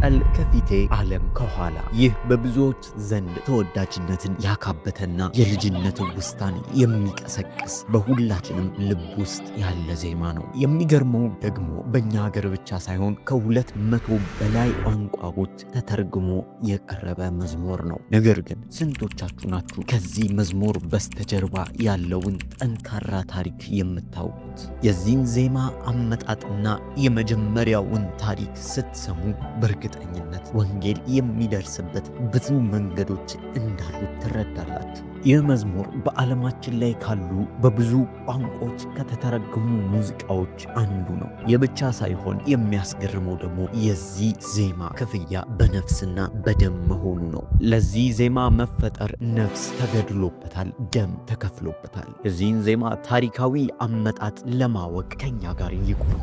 መስቀል ከፊቴ ዓለም ከኋላ። ይህ በብዙዎች ዘንድ ተወዳጅነትን ያካበተና የልጅነት ውስታን የሚቀሰቅስ በሁላችንም ልብ ውስጥ ያለ ዜማ ነው። የሚገርመው ደግሞ በእኛ ሀገር ብቻ ሳይሆን ከሁለት መቶ በላይ ቋንቋዎች ተተርግሞ የቀረበ መዝሙር ነው። ነገር ግን ስንቶቻችሁ ናችሁ ከዚህ መዝሙር በስተጀርባ ያለውን ጠንካራ ታሪክ የምታውቁት? የዚህን ዜማ አመጣጥና የመጀመሪያውን ታሪክ ስትሰሙ በእርግጥ በእርግጠኝነት ወንጌል የሚደርስበት ብዙ መንገዶች እንዳሉት ትረዳላችሁ። ይህ መዝሙር በዓለማችን ላይ ካሉ በብዙ ቋንቋዎች ከተተረገሙ ሙዚቃዎች አንዱ ነው። የብቻ ሳይሆን የሚያስገርመው ደግሞ የዚህ ዜማ ክፍያ በነፍስና በደም መሆኑ ነው። ለዚህ ዜማ መፈጠር ነፍስ ተገድሎበታል፣ ደም ተከፍሎበታል። የዚህን ዜማ ታሪካዊ አመጣጥ ለማወቅ ከኛ ጋር ይቆዩ።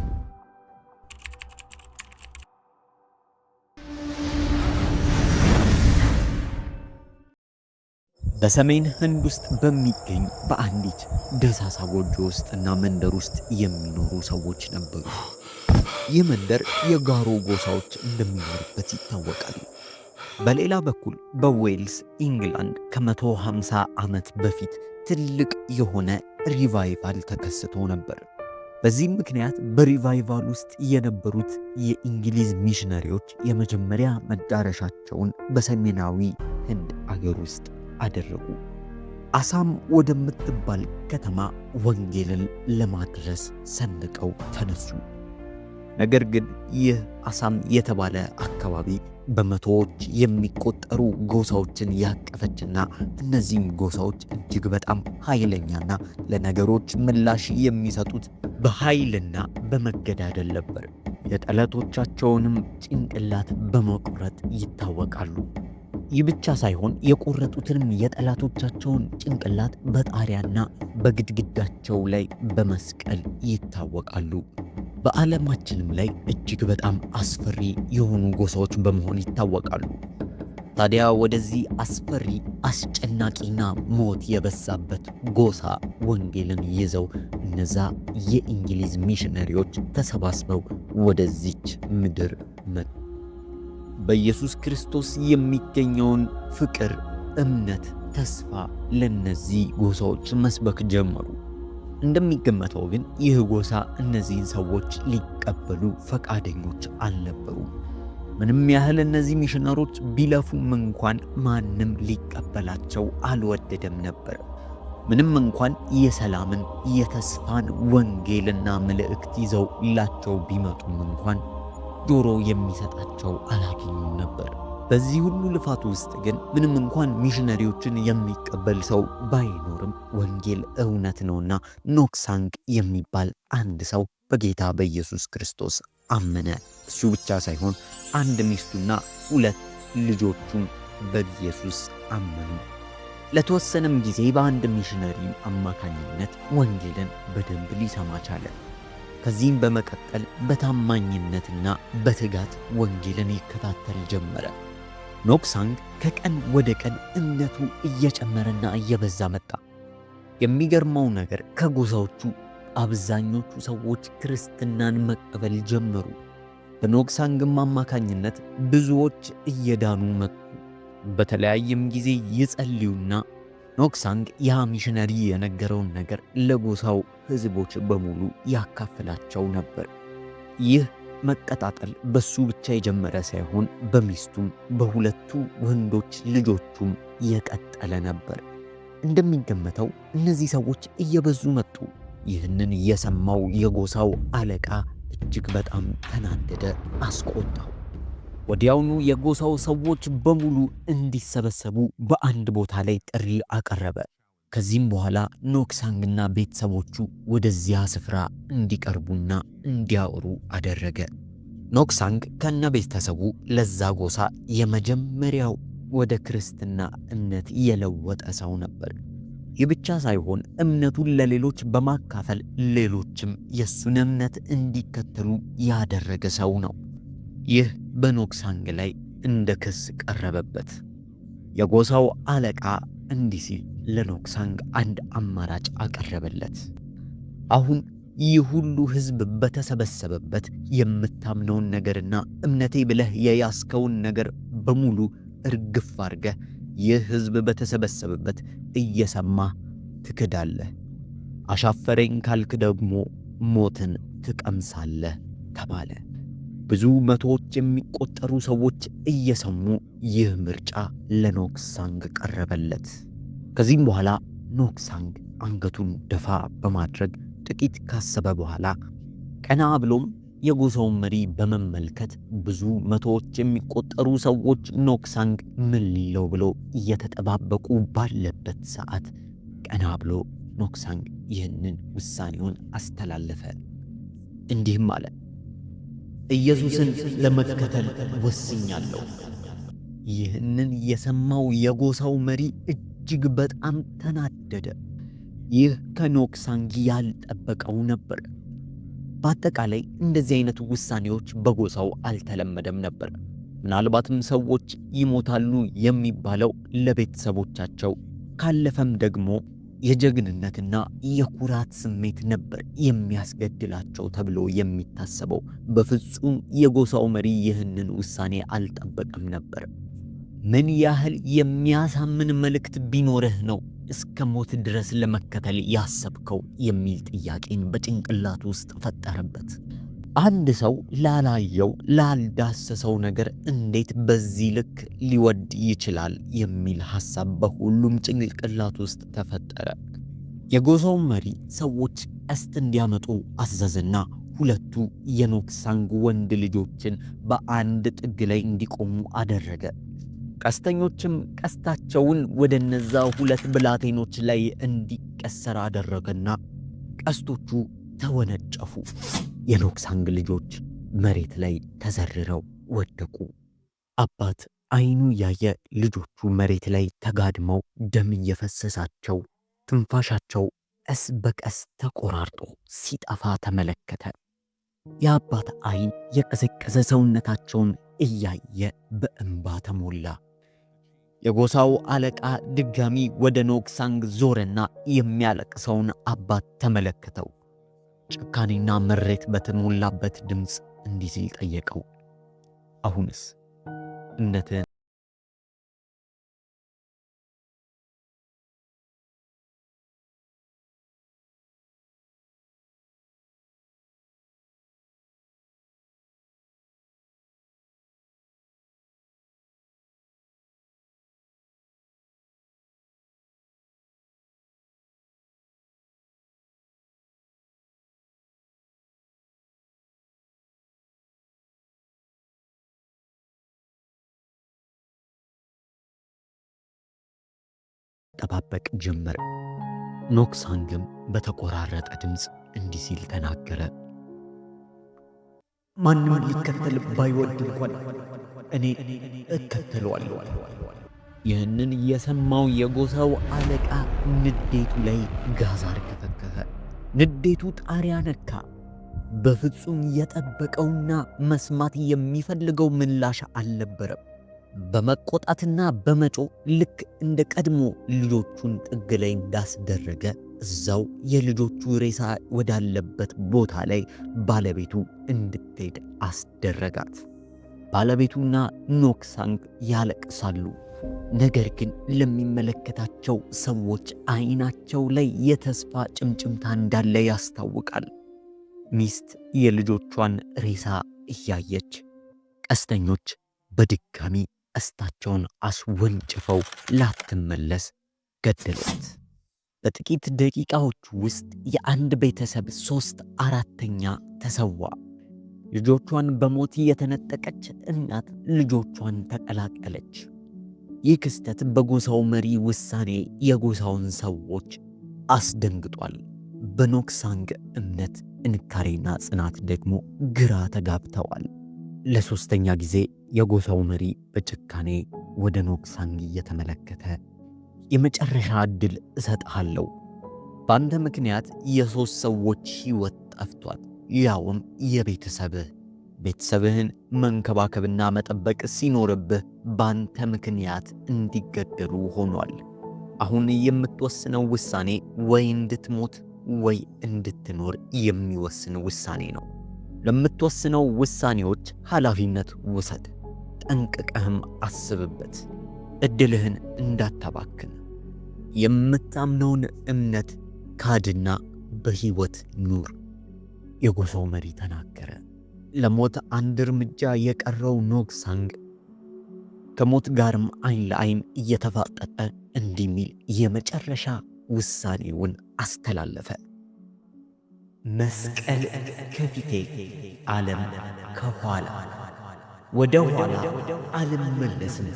በሰሜን ህንድ ውስጥ በሚገኝ በአንዲት ደሳሳ ጎጆ ውስጥና መንደር ውስጥ የሚኖሩ ሰዎች ነበሩ። ይህ መንደር የጋሮ ጎሳዎች እንደሚኖሩበት ይታወቃል። በሌላ በኩል በዌልስ ኢንግላንድ ከ150 ዓመት በፊት ትልቅ የሆነ ሪቫይቫል ተከስቶ ነበር። በዚህም ምክንያት በሪቫይቫል ውስጥ የነበሩት የእንግሊዝ ሚሽነሪዎች የመጀመሪያ መዳረሻቸውን በሰሜናዊ ህንድ አገር ውስጥ አደረጉ። አሳም ወደምትባል ከተማ ወንጌልን ለማድረስ ሰንቀው ተነሱ። ነገር ግን ይህ አሳም የተባለ አካባቢ በመቶዎች የሚቆጠሩ ጎሳዎችን ያቀፈችና እነዚህም ጎሳዎች እጅግ በጣም ኃይለኛና ለነገሮች ምላሽ የሚሰጡት በኃይልና በመገዳደል ነበር። የጠላቶቻቸውንም ጭንቅላት በመቁረጥ ይታወቃሉ። ይህ ብቻ ሳይሆን የቆረጡትንም የጠላቶቻቸውን ጭንቅላት በጣሪያና በግድግዳቸው ላይ በመስቀል ይታወቃሉ። በዓለማችንም ላይ እጅግ በጣም አስፈሪ የሆኑ ጎሳዎች በመሆን ይታወቃሉ። ታዲያ ወደዚህ አስፈሪ አስጨናቂና ሞት የበዛበት ጎሳ ወንጌልን ይዘው እነዛ የእንግሊዝ ሚሽነሪዎች ተሰባስበው ወደዚች ምድር መጡ። በኢየሱስ ክርስቶስ የሚገኘውን ፍቅር፣ እምነት፣ ተስፋ ለነዚህ ጎሳዎች መስበክ ጀመሩ። እንደሚገመተው ግን ይህ ጎሳ እነዚህን ሰዎች ሊቀበሉ ፈቃደኞች አልነበሩም። ምንም ያህል እነዚህ ሚሽነሮች ቢለፉም እንኳን ማንም ሊቀበላቸው አልወደደም ነበር። ምንም እንኳን የሰላምን የተስፋን ወንጌልና መልእክት ይዘው ላቸው ቢመጡም እንኳን ጆሮ የሚሰጣቸው አላገኙም ነበር። በዚህ ሁሉ ልፋት ውስጥ ግን ምንም እንኳን ሚሽነሪዎችን የሚቀበል ሰው ባይኖርም ወንጌል እውነት ነውና ኖክሳንግ የሚባል አንድ ሰው በጌታ በኢየሱስ ክርስቶስ አመነ። እሱ ብቻ ሳይሆን አንድ ሚስቱና ሁለት ልጆቹም በኢየሱስ አመኑ። ለተወሰነም ጊዜ በአንድ ሚሽነሪ አማካኝነት ወንጌልን በደንብ ሊሰማ ቻለን። ከዚህም በመቀጠል በታማኝነትና በትጋት ወንጌልን ይከታተል ጀመረ። ኖክሳንግ ከቀን ወደ ቀን እምነቱ እየጨመረና እየበዛ መጣ። የሚገርመው ነገር ከጎሳዎቹ አብዛኞቹ ሰዎች ክርስትናን መቀበል ጀመሩ። በኖክሳንግም አማካኝነት ብዙዎች እየዳኑ መጡ። በተለያየም ጊዜ ይጸልዩና ኖክሳንግ ያ ሚሽነሪ የነገረውን ነገር ለጎሳው ህዝቦች በሙሉ ያካፍላቸው ነበር። ይህ መቀጣጠል በሱ ብቻ የጀመረ ሳይሆን በሚስቱም በሁለቱ ወንዶች ልጆቹም የቀጠለ ነበር። እንደሚገመተው እነዚህ ሰዎች እየበዙ መጡ። ይህንን የሰማው የጎሳው አለቃ እጅግ በጣም ተናደደ፣ አስቆጣው። ወዲያውኑ የጎሳው ሰዎች በሙሉ እንዲሰበሰቡ በአንድ ቦታ ላይ ጥሪ አቀረበ። ከዚህም በኋላ ኖክሳንግና ቤተሰቦቹ ወደዚያ ስፍራ እንዲቀርቡና እንዲያወሩ አደረገ። ኖክሳንግ ከነ ቤተሰቡ ለዛ ጎሳ የመጀመሪያው ወደ ክርስትና እምነት የለወጠ ሰው ነበር። ይህ ብቻ ሳይሆን እምነቱን ለሌሎች በማካፈል ሌሎችም የእሱን እምነት እንዲከተሉ ያደረገ ሰው ነው። ይህ በኖክሳንግ ላይ እንደ ክስ ቀረበበት። የጎሳው አለቃ እንዲህ ሲል ለኖክሳንግ አንድ አማራጭ አቀረበለት። አሁን ይህ ሁሉ ሕዝብ በተሰበሰበበት የምታምነውን ነገርና እምነቴ ብለህ የያዝከውን ነገር በሙሉ እርግፍ አድርገህ ይህ ሕዝብ በተሰበሰበበት እየሰማ ትክዳለህ። አሻፈረኝ ካልክ ደግሞ ሞትን ትቀምሳለህ ተባለ። ብዙ መቶዎች የሚቆጠሩ ሰዎች እየሰሙ ይህ ምርጫ ለኖክሳንግ ቀረበለት። ከዚህም በኋላ ኖክሳንግ አንገቱን ደፋ በማድረግ ጥቂት ካሰበ በኋላ ቀና ብሎም የጎሳውን መሪ በመመልከት ብዙ መቶዎች የሚቆጠሩ ሰዎች ኖክሳንግ ምን ሊለው ብሎ እየተጠባበቁ ባለበት ሰዓት ቀና ብሎ ኖክሳንግ ይህንን ውሳኔውን አስተላለፈ። እንዲህም አለ። ኢየሱስን ለመከተል ወስኛለሁ። ይህንን የሰማው የጎሳው መሪ እጅግ በጣም ተናደደ። ይህ ከኖክሳንጊ ያልጠበቀው ነበር። በአጠቃላይ እንደዚህ አይነት ውሳኔዎች በጎሳው አልተለመደም ነበር። ምናልባትም ሰዎች ይሞታሉ የሚባለው ለቤተሰቦቻቸው ካለፈም ደግሞ የጀግንነትና የኩራት ስሜት ነበር የሚያስገድላቸው ተብሎ የሚታሰበው። በፍጹም የጎሳው መሪ ይህንን ውሳኔ አልጠበቀም ነበር። ምን ያህል የሚያሳምን መልእክት ቢኖርህ ነው እስከ ሞት ድረስ ለመከተል ያሰብከው የሚል ጥያቄን በጭንቅላት ውስጥ ፈጠረበት። አንድ ሰው ላላየው ላልዳሰሰው ነገር እንዴት በዚህ ልክ ሊወድ ይችላል የሚል ሀሳብ በሁሉም ጭንቅላት ውስጥ ተፈጠረ። የጎሳው መሪ ሰዎች ቀስት እንዲያመጡ አዘዝና ሁለቱ የኖክሳንግ ወንድ ልጆችን በአንድ ጥግ ላይ እንዲቆሙ አደረገ። ቀስተኞችም ቀስታቸውን ወደ እነዛ ሁለት ብላቴኖች ላይ እንዲቀሰር አደረገና ቀስቶቹ ተወነጨፉ። የኖክሳንግ ልጆች መሬት ላይ ተዘርረው ወደቁ። አባት አይኑ እያየ ልጆቹ መሬት ላይ ተጋድመው ደም እየፈሰሳቸው ትንፋሻቸው ቀስ በቀስ ተቆራርጦ ሲጠፋ ተመለከተ። የአባት አይን የቀዘቀዘ ሰውነታቸውን እያየ በእንባ ተሞላ። የጎሳው አለቃ ድጋሚ ወደ ኖክሳንግ ዞረና የሚያለቅሰውን አባት ተመለከተው። ጭካኔና ምሬት በተሞላበት ድምፅ እንዲህ ሲል ጠየቀው፣ አሁንስ እነትን መባበቅ ጀመረ። ኖክሳንግም በተቆራረጠ ድምፅ እንዲህ ሲል ተናገረ። ማንም ሊከተል ባይወድ እንኳን እኔ እከተለዋለሁ። ይህንን የሰማው የጎሳው አለቃ ንዴቱ ላይ ጋዛር ከተከፈ። ንዴቱ ጣሪያ ነካ። በፍጹም የጠበቀውና መስማት የሚፈልገው ምላሽ አልነበረም። በመቆጣትና በመጮ ልክ እንደ ቀድሞ ልጆቹን ጥግ ላይ እንዳስደረገ እዛው የልጆቹ ሬሳ ወዳለበት ቦታ ላይ ባለቤቱ እንድትሄድ አስደረጋት። ባለቤቱና ኖክሳንግ ያለቅሳሉ። ነገር ግን ለሚመለከታቸው ሰዎች አይናቸው ላይ የተስፋ ጭምጭምታ እንዳለ ያስታውቃል። ሚስት የልጆቿን ሬሳ እያየች ቀስተኞች በድጋሚ ቀስታቸውን አስወንጭፈው ላትመለስ ገደሏት። በጥቂት ደቂቃዎች ውስጥ የአንድ ቤተሰብ ሶስት አራተኛ ተሰዋ። ልጆቿን በሞት የተነጠቀች እናት ልጆቿን ተቀላቀለች። ይህ ክስተት በጎሳው መሪ ውሳኔ የጎሳውን ሰዎች አስደንግጧል። በኖክሳንግ እምነት እንካሬና ጽናት ደግሞ ግራ ተጋብተዋል። ለሦስተኛ ጊዜ የጎሳው መሪ በጭካኔ ወደ ኖክሳንግ እየተመለከተ የመጨረሻ ዕድል እሰጥሃለሁ። በአንተ ምክንያት የሦስት ሰዎች ሕይወት ጠፍቷል፣ ያውም የቤተሰብህ ቤተሰብህን መንከባከብና መጠበቅ ሲኖርብህ በአንተ ምክንያት እንዲገደሉ ሆኗል። አሁን የምትወስነው ውሳኔ ወይ እንድትሞት ወይ እንድትኖር የሚወስን ውሳኔ ነው። ለምትወስነው ውሳኔዎች ኃላፊነት ውሰድ። ጠንቅቀህም አስብበት። እድልህን እንዳታባክን። የምታምነውን እምነት ካድና በሕይወት ኑር። የጎሳው መሪ ተናገረ። ለሞት አንድ እርምጃ የቀረው ኖክሳንግ ከሞት ጋርም አይን ለአይን እየተፋጠጠ እንዲህ ሚል የመጨረሻ ውሳኔውን አስተላለፈ። መስቀል ከፊቴ ዓለም ከኋላ ወደ ኋላ አልመለስም።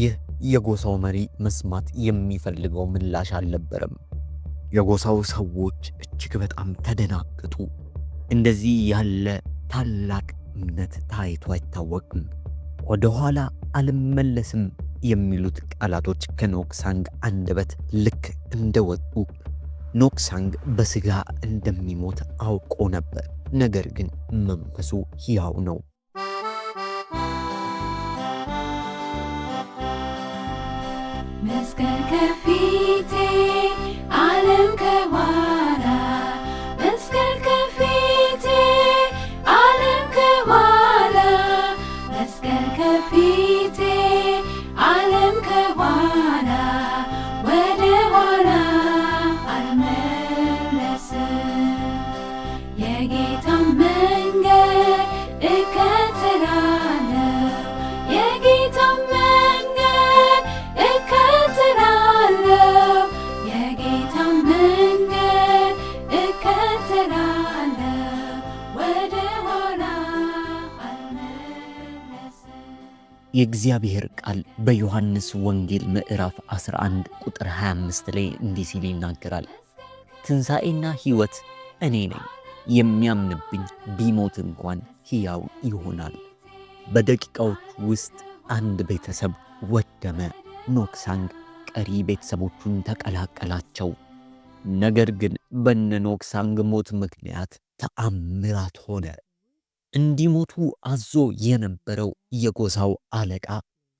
ይህ የጎሳው መሪ መስማት የሚፈልገው ምላሽ አልነበረም። የጎሳው ሰዎች እጅግ በጣም ተደናገጡ። እንደዚህ ያለ ታላቅ እምነት ታይቶ አይታወቅም። ወደ ኋላ አልመለስም የሚሉት ቃላቶች ከኖክሳንግ አንደበት ልክ እንደወጡ ኖክሳንግ በስጋ እንደሚሞት አውቆ ነበር። ነገር ግን መንፈሱ ሕያው ነው። የጌታ መንገድ የጌታ መንገድ የጌታ መንገድ ወደ ኋላ አልመለስም። የእግዚአብሔር ቃል በዮሐንስ ወንጌል ምዕራፍ 11 ቁጥር 25 ላይ እንዲህ ሲል ይናገራል። ትንሣኤና ሕይወት እኔ ነኝ። የሚያምንብኝ ቢሞት እንኳን ሕያው ይሆናል። በደቂቃዎች ውስጥ አንድ ቤተሰብ ወደመ። ኖክሳንግ ቀሪ ቤተሰቦቹን ተቀላቀላቸው። ነገር ግን በነ ኖክሳንግ ሞት ምክንያት ተአምራት ሆነ። እንዲሞቱ አዞ የነበረው የጎሳው አለቃ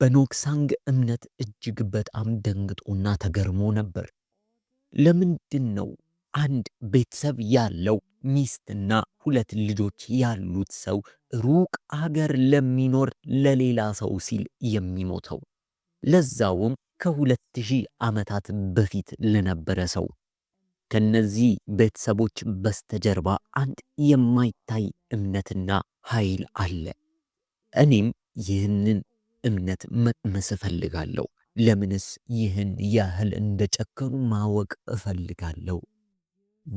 በኖክሳንግ እምነት እጅግ በጣም ደንግጦና ተገርሞ ነበር። ለምንድን ነው አንድ ቤተሰብ ያለው ሚስትና ሁለት ልጆች ያሉት ሰው ሩቅ አገር ለሚኖር ለሌላ ሰው ሲል የሚሞተው ለዛውም ከሁለት ሺህ ዓመታት በፊት ለነበረ ሰው። ከነዚህ ቤተሰቦች በስተጀርባ አንድ የማይታይ እምነትና ኃይል አለ። እኔም ይህንን እምነት መቅመስ እፈልጋለሁ። ለምንስ ይህን ያህል እንደጨከኑ ማወቅ እፈልጋለሁ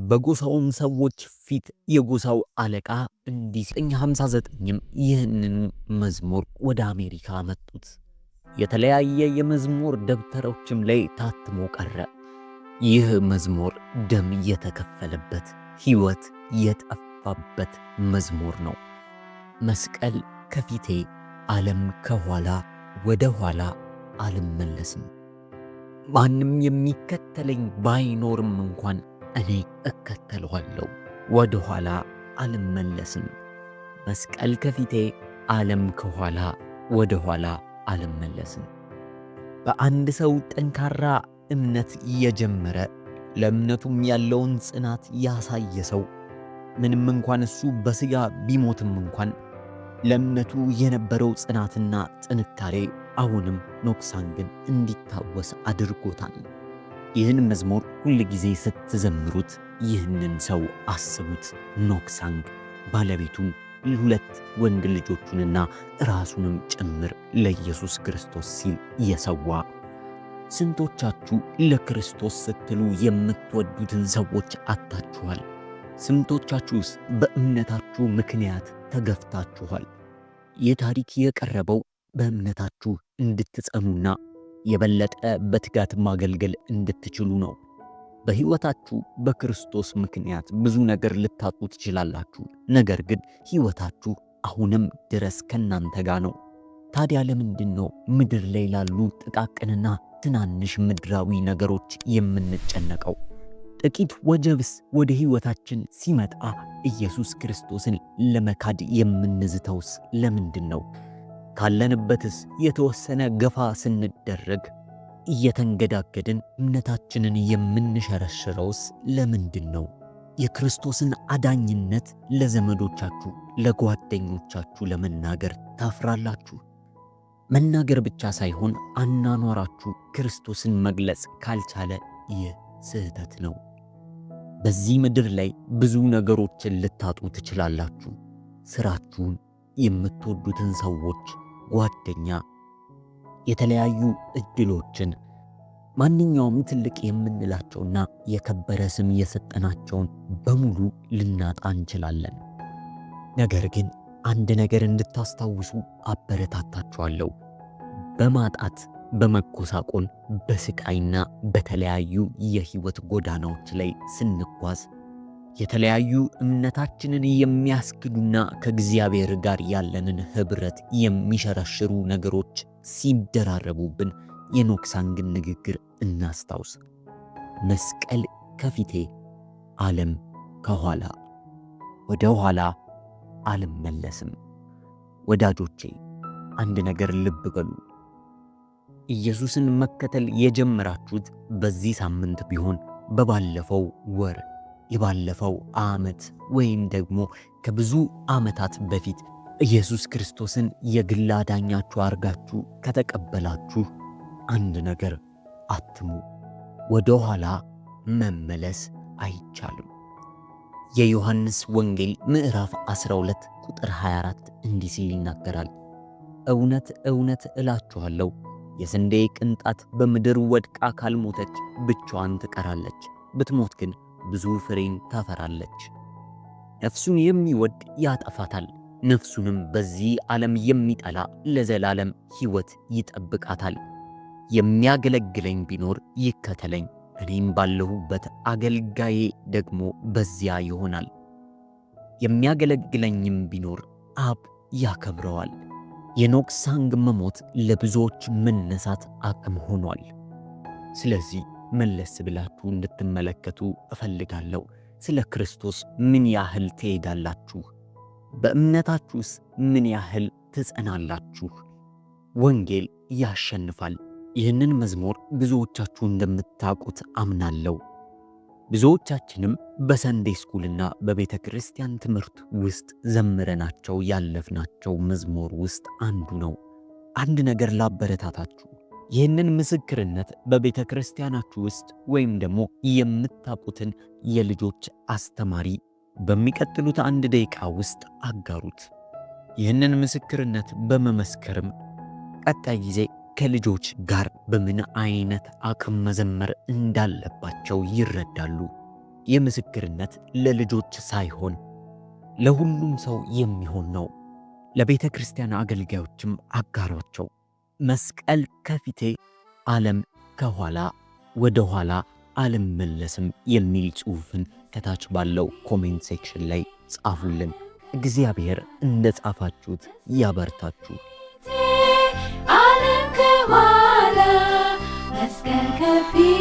በጎሳውም ሰዎች ፊት የጎሳው አለቃ እንዲህ 59ም ይህንን መዝሙር ወደ አሜሪካ መጡት። የተለያየ የመዝሙር ደብተሮችም ላይ ታትሞ ቀረ። ይህ መዝሙር ደም የተከፈለበት ሕይወት የጠፋበት መዝሙር ነው። መስቀል ከፊቴ ዓለም ከኋላ ወደ ኋላ አልመለስም። ማንም የሚከተለኝ ባይኖርም እንኳን እኔ እከተለዋለሁ፣ ወደ ኋላ አልመለስም። መስቀል ከፊቴ ዓለም ከኋላ፣ ወደ ኋላ አልመለስም። በአንድ ሰው ጠንካራ እምነት የጀመረ ለእምነቱም ያለውን ጽናት ያሳየ ሰው ምንም እንኳን እሱ በሥጋ ቢሞትም እንኳን ለእምነቱ የነበረው ጽናትና ጥንካሬ አሁንም ኖክሳን ግን እንዲታወስ አድርጎታል። ይህን መዝሙር ሁል ጊዜ ስትዘምሩት ይህንን ሰው አስቡት። ኖክሳንግ ባለቤቱ ሁለት ወንድ ልጆቹንና ራሱንም ጭምር ለኢየሱስ ክርስቶስ ሲል የሰዋ። ስንቶቻችሁ ለክርስቶስ ስትሉ የምትወዱትን ሰዎች አጥታችኋል? ስንቶቻችሁስ በእምነታችሁ ምክንያት ተገፍታችኋል? ይህ ታሪክ የቀረበው በእምነታችሁ እንድትጸኑና የበለጠ በትጋት ማገልገል እንድትችሉ ነው። በሕይወታችሁ በክርስቶስ ምክንያት ብዙ ነገር ልታጡ ትችላላችሁ። ነገር ግን ሕይወታችሁ አሁንም ድረስ ከእናንተ ጋር ነው። ታዲያ ለምንድን ነው ምድር ላይ ላሉ ጥቃቅንና ትናንሽ ምድራዊ ነገሮች የምንጨነቀው? ጥቂት ወጀብስ ወደ ሕይወታችን ሲመጣ ኢየሱስ ክርስቶስን ለመካድ የምንዝተውስ ለምንድን ነው? ካለንበትስ የተወሰነ ገፋ ስንደረግ እየተንገዳገድን እምነታችንን የምንሸረሽረውስ ለምንድን ነው? የክርስቶስን አዳኝነት ለዘመዶቻችሁ ለጓደኞቻችሁ ለመናገር ታፍራላችሁ። መናገር ብቻ ሳይሆን አናኗራችሁ ክርስቶስን መግለጽ ካልቻለ ይህ ስህተት ነው። በዚህ ምድር ላይ ብዙ ነገሮችን ልታጡ ትችላላችሁ። ስራችሁን፣ የምትወዱትን ሰዎች፣ ጓደኛ የተለያዩ እድሎችን ማንኛውም ትልቅ የምንላቸውና የከበረ ስም የሰጠናቸውን በሙሉ ልናጣ እንችላለን። ነገር ግን አንድ ነገር እንድታስታውሱ አበረታታችኋለሁ። በማጣት በመኮሳቆል በስቃይና በተለያዩ የህይወት ጎዳናዎች ላይ ስንጓዝ የተለያዩ እምነታችንን የሚያስክዱና ከእግዚአብሔር ጋር ያለንን ኅብረት የሚሸረሽሩ ነገሮች ሲደራረቡብን የኖክሳንግን ንግግር እናስታውስ። መስቀል ከፊቴ ዓለም ከኋላ፣ ወደ ኋላ አልመለስም። ወዳጆቼ አንድ ነገር ልብ በሉ። ኢየሱስን መከተል የጀመራችሁት በዚህ ሳምንት ቢሆን በባለፈው ወር የባለፈው ዓመት ወይም ደግሞ ከብዙ ዓመታት በፊት ኢየሱስ ክርስቶስን የግል አዳኛችሁ አድርጋችሁ ከተቀበላችሁ አንድ ነገር አትሙ፣ ወደ ኋላ መመለስ አይቻልም። የዮሐንስ ወንጌል ምዕራፍ 12 ቁጥር 24 እንዲህ ሲል ይናገራል፣ እውነት እውነት እላችኋለሁ የስንዴ ቅንጣት በምድር ወድቃ ካልሞተች ብቻዋን ትቀራለች፣ ብትሞት ግን ብዙ ፍሬን ታፈራለች። ነፍሱን የሚወድ ያጠፋታል ነፍሱንም በዚህ ዓለም የሚጠላ ለዘላለም ሕይወት ይጠብቃታል። የሚያገለግለኝ ቢኖር ይከተለኝ፣ እኔም ባለሁበት አገልጋዬ ደግሞ በዚያ ይሆናል። የሚያገለግለኝም ቢኖር አብ ያከብረዋል። የኖክ ሳንግ መሞት ለብዙዎች መነሳት አቅም ሆኗል። ስለዚህ መለስ ብላችሁ እንድትመለከቱ እፈልጋለሁ። ስለ ክርስቶስ ምን ያህል ትሄዳላችሁ? በእምነታችሁስ ምን ያህል ትጸናላችሁ? ወንጌል ያሸንፋል። ይህንን መዝሙር ብዙዎቻችሁ እንደምታውቁት አምናለሁ። ብዙዎቻችንም በሰንዴ ስኩልና በቤተ ክርስቲያን ትምህርት ውስጥ ዘምረናቸው ያለፍናቸው መዝሙር ውስጥ አንዱ ነው። አንድ ነገር ላበረታታችሁ። ይህንን ምስክርነት በቤተ ክርስቲያናችሁ ውስጥ ወይም ደግሞ የምታውቁትን የልጆች አስተማሪ በሚቀጥሉት አንድ ደቂቃ ውስጥ አጋሩት። ይህንን ምስክርነት በመመስከርም ቀጣይ ጊዜ ከልጆች ጋር በምን አይነት አቅም መዘመር እንዳለባቸው ይረዳሉ። የምስክርነት ለልጆች ሳይሆን ለሁሉም ሰው የሚሆን ነው። ለቤተ ክርስቲያን አገልጋዮችም አጋሯቸው። መስቀል ከፊቴ ዓለም ከኋላ ወደ ኋላ አልመለስም የሚል ጽሑፍን ከታች ባለው ኮሜንት ሴክሽን ላይ ጻፉልን። እግዚአብሔር እንደ ጻፋችሁት ያበርታችሁ። ዓለም ከኋላ መስቀል ከፊት